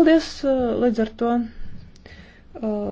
Paldies, uh, līdz ar to. Uh,